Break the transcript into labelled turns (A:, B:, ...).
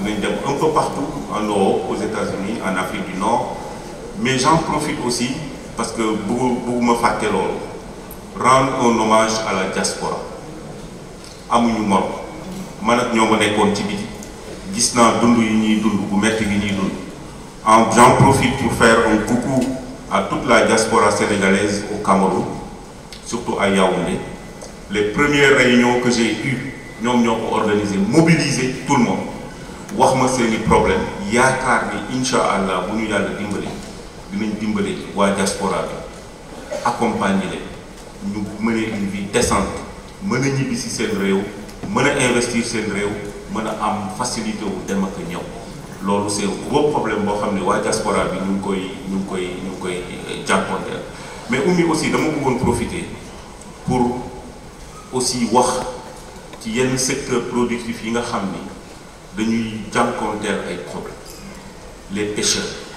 A: On est un peu partout en Europe aux États-Unis en Afrique du Nord mais j'en profite aussi parce que rendre un hommage à la diaspora j'en profite pour faire un coucou à toute la diaspora sénégalaise au Cameroun surtout à Yaoundé les premières réunions que j'ai eues nous avons organisé mobilisé tout le monde wax ma seeni problème yaakaar bi incha allah bu ñu yàlla dimbali dinañ dimbali waa diaspora bi accompagner leen ñu mënee une vie décente mën a ñibbi si seen réew mën a investir seen réew mën a am facilité wu dem ak ñëw loolu c'est un gros problème boo xam ne waa diaspora bi ñu ngi koy ñu koy ñu ngi koy euh, mais Oumy aussi dama bëggoon profiter pour aussi wax ci yenn secteur productif yi nga xam ni le jànkoonteel des problèmes les pêcheurs